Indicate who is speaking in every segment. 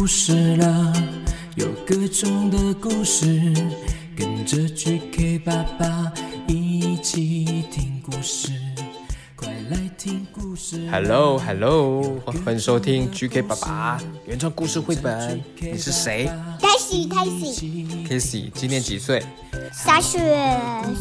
Speaker 1: 故事啦，有各種的故事，跟着 GK 爸爸一起聽故事，快來聽故事。Hello Hello，歡迎收聽 GK 爸爸原創故事繪本。你是誰？Kissy Kissy。Kissy 今年幾歲？三歲。三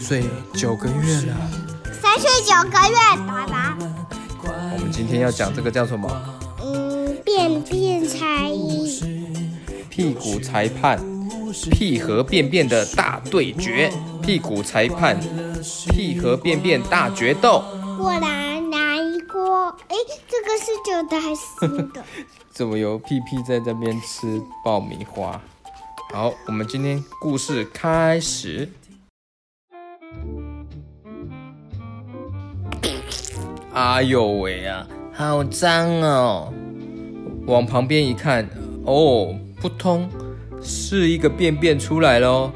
Speaker 1: 歲九個月了。三歲九個月，爸爸。我們今天要講這個叫什麼？便便才藝，屁股裁判，屁和便便的大對決，屁股裁判，屁和便便大決鬥。過來拿一鍋，哎、欸，這個是舊的還是新的？ 怎麼有屁屁在這邊吃爆米花？好，我們今天故事開始。 哎呦喂啊，好髒哦！往旁邊一看，哦，撲通，是一個便便出來咯。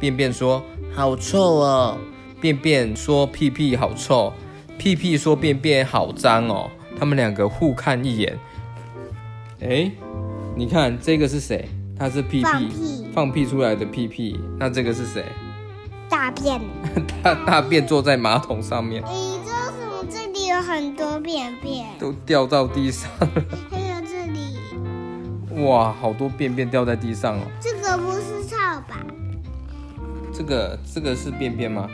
Speaker 1: 便便說：“好臭哦！”便便說：“屁屁好臭。”屁屁說：“便便好髒哦！”他們兩個互看一眼，哎、欸，你看這個是誰？他是屁屁，屁，放屁出來的屁屁。那這個是誰？大便。大 大便坐在馬桶上面。咦、欸，為什麼這裡有很多便便？都掉到地上了。 哇，好多便便掉在地上哦。這個不是掃把？這個這個是便便嗎？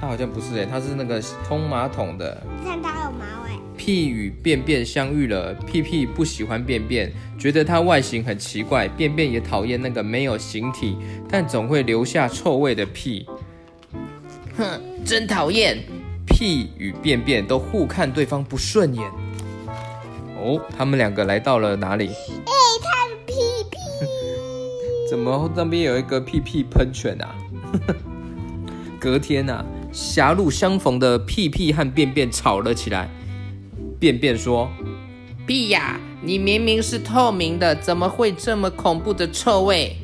Speaker 1: 它好像不是哎、欸，它是那個通馬桶的。你看它有馬尾。屁與便便相遇了，屁屁不喜歡便便，覺得它外形很奇怪。便便也討厭那個沒有形體，但總會留下臭味的屁。哼，真討厭。屁與便便都互看對方不順眼。哦，他們兩個來到了哪裡？怎麼那邊有一個屁屁噴泉啊？ 隔天啊，狹路相逢的屁屁和便便吵了起來。便便說：“屁呀，啊，你明明是透明的，怎麼會這麼恐怖的臭味？”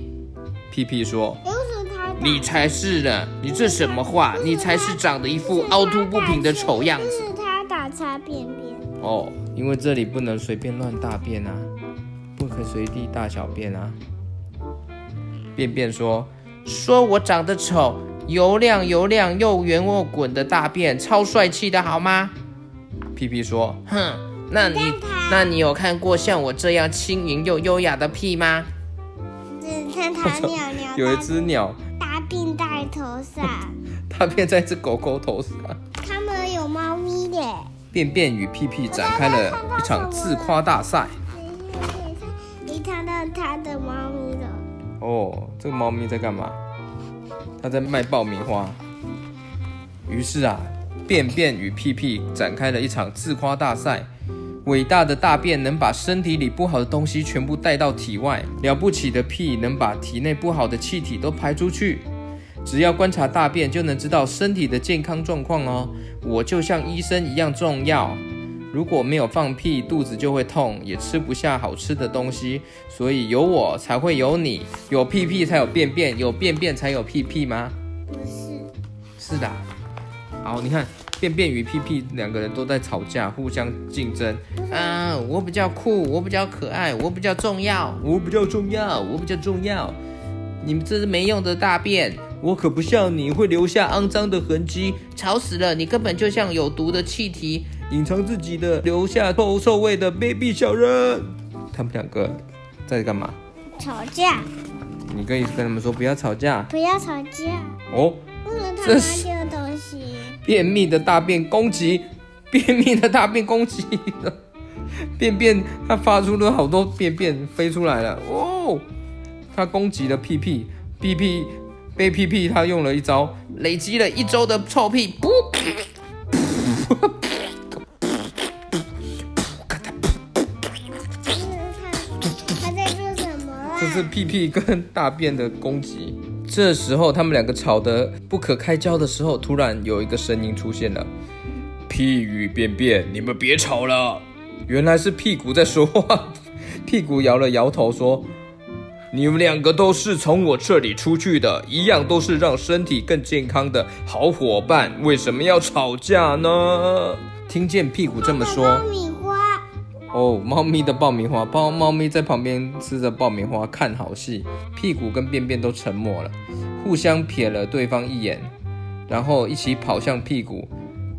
Speaker 1: 屁屁說：“就是，便便你才是呢！你這什麼話、就是就是就是。你才是長得一副凹凸不平的醜樣子。就是他打擦便，便便。哦，因為這裡不能隨便亂大便啊，不可隨地大小便啊。便便說：“說我長得醜，油亮油亮又圓又滾的大便，超帥氣的，好嗎？”屁屁說：“哼，那你，你那你有看過像我這樣輕盈又優雅的屁嗎？”有一隻鳥，鳥，有一隻鳥，大便在頭上。大 便在一隻狗狗頭上。他們有貓咪的耶，便便與屁屁展開了一場自誇大賽。你看到他的貓咪了？哦，這個貓咪在幹嘛？它在賣爆米花。於是啊，便便與屁屁展開了一場自誇大賽。偉大的大便能把身體裡不好的東西全部帶到體外，了不起的屁能把體內不好的氣體都排出去。只要觀察大便就能知道身體的健康狀況哦。我就像醫生一樣重要。如果沒有放屁，肚子就會痛，也吃不下好吃的東西。所以有我才會有你，有屁屁才有便便，有便便才有屁屁嗎？不是。是的。好，你看便便與屁屁兩個人都在吵架，互相競爭。啊，我比較酷，我比較可愛，我比較重要，我比較重要，我比較重要。你們這是沒用的大便，我可不像你會留下骯髒的痕跡，吵死了！你根本就像有毒的氣體。隱藏自己的，留下臭臭味的卑鄙小人。他們兩個在幹嘛？吵架。你可以跟他們說不要吵架，不要吵架。哦，不能偷
Speaker 2: 挖地的東西。
Speaker 1: 便秘的大便攻擊，便秘的大便攻擊了。便便，它發出了好多便便飛出來了。哦，它攻擊了屁屁，屁屁被屁屁他用了一招，累積了一周的臭屁，噗。 這是屁屁跟大便的攻擊。這時候，他們兩個吵得不可開交的時候，突然有一個聲音出現了：“屁與便便，你們別吵了。”原來是屁股在說話。屁股搖了搖頭說：“你們兩個都是從我這裡出去的，一樣都是讓身體更健康的好夥伴，為什麼要吵架呢？”聽見屁股這麼說。哦，貓咪的爆米花包，貓咪在旁邊吃着爆米花看好戲，屁股跟便便都沉默了，互相瞥了對方一眼，然後一起跑向屁股，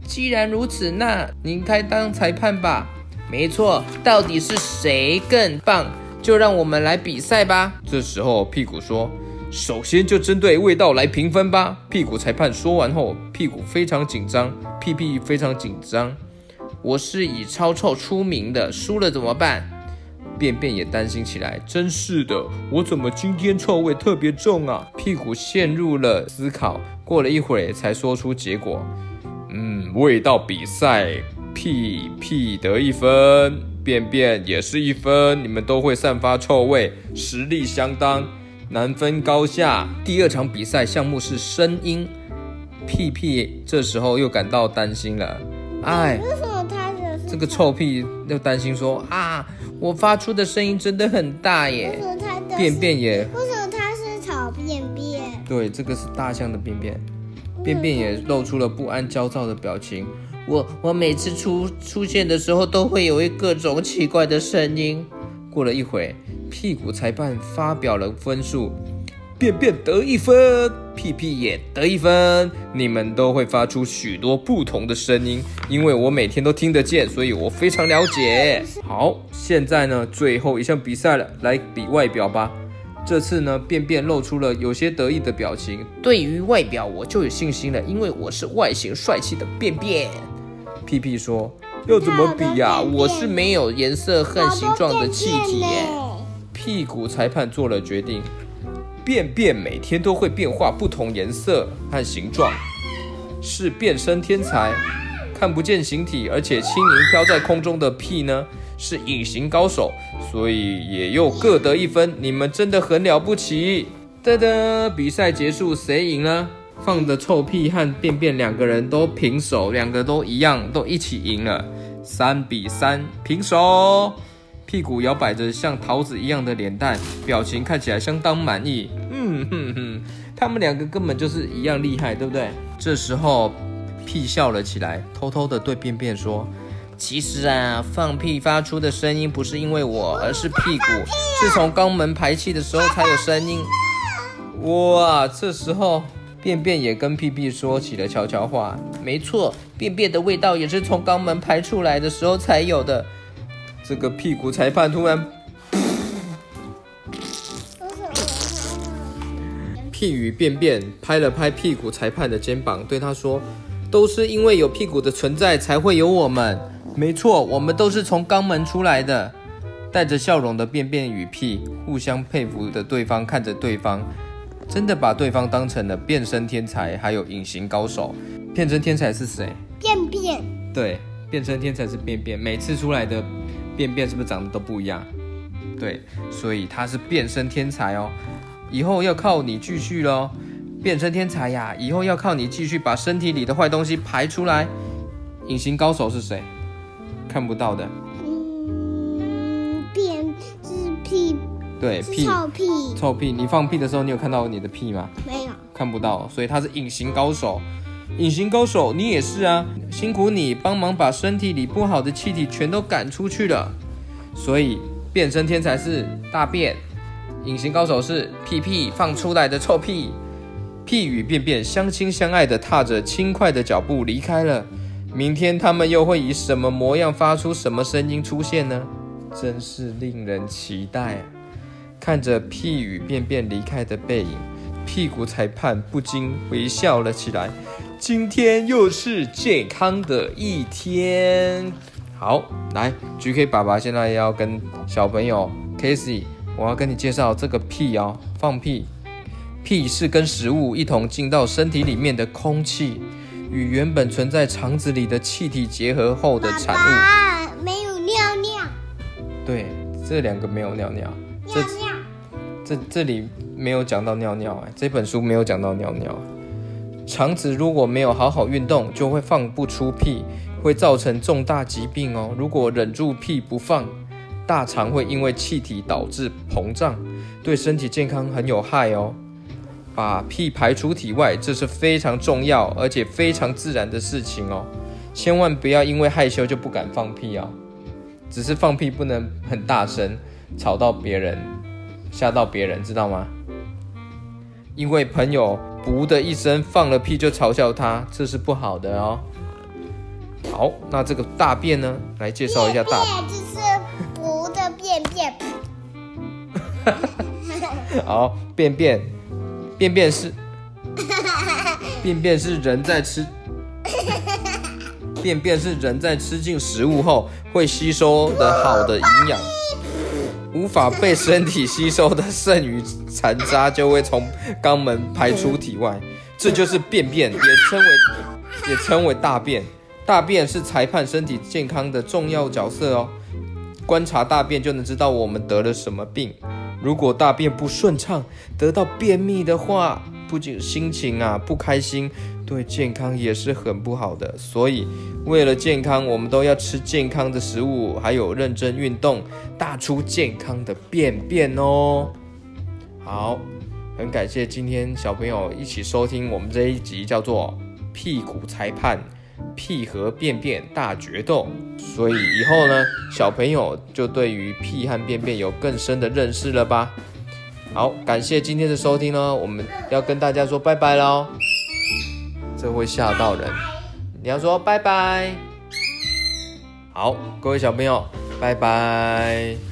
Speaker 1: 既然如此，那您該當裁判吧！沒錯，到底是誰更棒，就讓我們來比賽吧。這時候屁股說：“首先就針對味道來評分吧。”屁股裁判說完後，屁股非常緊張，屁屁非常緊張。我是以超臭出名的，輸了怎麼辦？便便也擔心起來，真是的，我怎麼今天臭味特別重啊？屁股陷入了思考，過了一會兒才說出結果，嗯，味道比賽，屁屁得一分，便便也是一分，你們都會散發臭味，實力相當，難分高下。第二場比賽項目是聲音，屁屁這時候又感到擔心了，哎。這個臭屁又擔心說啊，我發出的聲音真的很大耶！為什麼它是便便耶？為什麼它是草便便？對，這個是大象的便便，便便也露出了不安焦躁的表情。我我每次出出現的時候，都會有一個各種奇怪的聲音。過了一會，屁股裁判發表了分數。便便得一分，屁屁也得一分，你們都會發出許多不同的聲音，因為我每天都聽得見，所以我非常了解。好，現在呢，最後一項比賽了，來比外表吧。這次呢，便便露出了有些得意的表情。對於外表，我就有信心了，因為我是外形帥氣的便便。屁屁說：“要怎麼比呀？啊？我是沒有顏色和形狀的氣體耶。便便”屁股裁判做了決定。便便每天都會變化不同顏色和形狀，是變身天才；看不見形體而且輕盈飄在空中的屁呢，是隱形高手。所以也又各得一分。你們真的很了不起！噔噔，比賽結束，誰贏了？放的臭屁和便便兩個人都平手，兩個都一樣，都一起贏了，三比三平手。屁股搖擺着，像桃子一樣的臉蛋，表情看起來相當滿意。嗯哼哼，他們兩個根本就是一樣厲害，對不對？這時候屁笑了起來，偷偷的對便便說：“其實啊，放屁發出的聲音不是因為我，而是屁股，是從肛門排氣的時候才有聲音。”哇，這時候便便也跟屁屁說起了悄悄話。沒錯，便便的味道也是從肛門排出來的時候才有的。這個屁股裁判突然，屁與便便拍了拍屁股裁判的肩膀，對他說：“都是因為有屁股的存在，才會有我們。沒錯，我們都是從肛門出來的。”帶着笑容的便便與屁互相佩服的對方看着對方，真的把對方當成了變身天才，還有隱形高手。變身天才是誰？便便。對，變身天才是便便。每次出來的。便便是不是長得都不一樣？對，所以他是變身天才哦，以後要靠你繼續嘍，變身天才呀，以後要靠你繼續把身體裡的壞東西排出來。隱形高手是誰？看不到的。嗯，便是屁，對，是臭屁，臭屁。你放屁的時候，你有看到你的屁嗎？沒有，看不到，所以他是隱形高手。隱形高手，你也是啊，辛苦你幫忙把身體裡不好的氣體全都趕出去了。所以，變身天才是大便，隱形高手是屁屁放出來的臭屁。屁與便便相親相愛的，踏着輕快的腳步離開了。明天他們又會以什麼模樣，發出什麼聲音出現呢？真是令人期待啊。看着屁與便便離開的背影，屁股裁判不禁微笑了起來。今天又是健康的一天。好，來，GK 爸爸現在要跟小朋友 Casey，我要跟你介紹這個屁哦，放屁，屁是跟食物一同進到身體裡面的空氣，與原本存在腸子裡的氣體結合後的產物。啊，沒有尿尿。對，這兩個沒有尿尿。尿尿。這這，這裡沒有講到尿尿哎，這本書沒有講到尿尿。腸子如果沒有好好運動，就會放不出屁，會造成重大疾病哦。如果忍住屁不放，大腸會因為氣體導致膨脹，對身體健康很有害哦。把屁排出體外，這是非常重要而且非常自然的事情哦。千萬不要因為害羞就不敢放屁哦。只是放屁不能很大聲，吵到別人，嚇到別人，知道嗎？因為朋友。噗的一聲，放了屁就嘲笑他，這是不好的哦。好，那這個大便呢？來介紹一下大便。這是噗的便便。 好，便便，便便是，便便是人在吃， 便便是人在吃進食物後會吸收的好的營養。無法被身體吸收的剩餘殘渣就會從肛門排出體外，這就是便便，也稱為也稱為大便。大便是裁判身體健康的重要角色哦。觀察大便就能知道我們得了什麼病。如果大便不順暢，得到便秘的話。不僅心情啊不開心，對健康也是很不好的。所以，為了健康，我們都要吃健康的食物，還有認真運動，大出健康的便便哦。好，很感謝今天小朋友一起收聽我們這一集叫做《屁股裁判：屁和便便大決鬥》。所以以後呢，小朋友就對於屁和便便有更深的認識了吧。好，感謝今天的收聽呢，我們要跟大家說拜拜嘍。這會嚇到人，你要說拜拜。好，各位小朋友，拜拜。